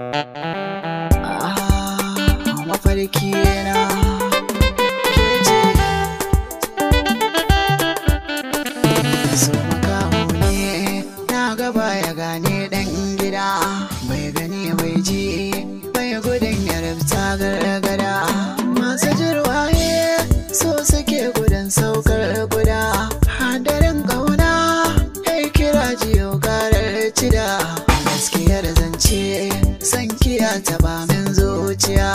Ah, mafarki na kece so makaho ne na gaba ya gane ɗan gida bai gani bai ji bai gudun ya rabta gargaga gaskiyar zance san kiya taba min zuciya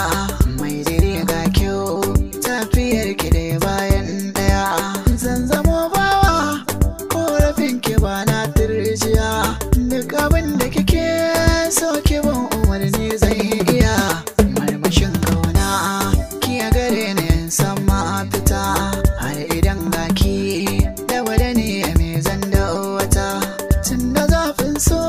mai dire ga kyau tafiyar ki da bayan daya zan zamo bawa korafin ki ba na turjiya duk abin da kike so ki bin umarni yi iya marmashin kauna kiya gare ne san ma fita har idan ga ki da wadani me zan da wata tun da zafin so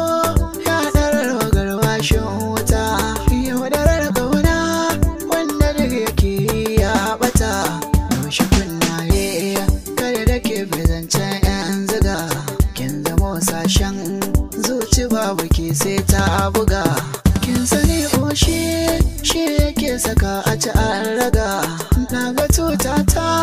zancen 'yan ziga kin zamo sashen zuci babu ke sai ta buga kin sani oshi shi yake saka a ci an raga na ga tuta ta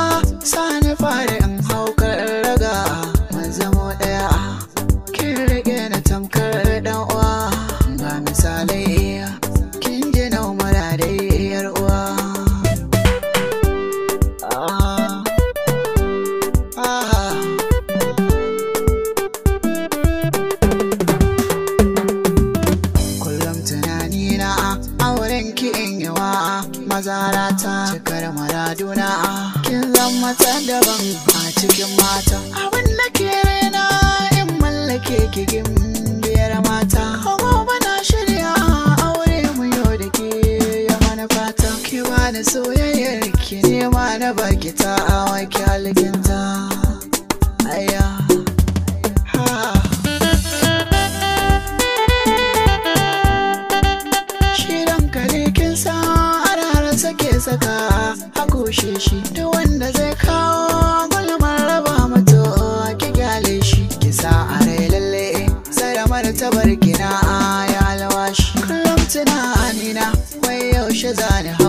ta cikar maraduna kin zama mata daban a cikin mata abin da ke na, in mallake kigin biyar mata kuma bana shirya aure mu yau da ke ya mana fata ki ba soyayyar ki nema na baki ta awa ki halikinta aya saka a kushe shi duk wanda zai kawo gulmar raba mato ki gyale shi kisa a rai lalle sai da mara kina ya alwashi kullum tuna amina wai yaushe zane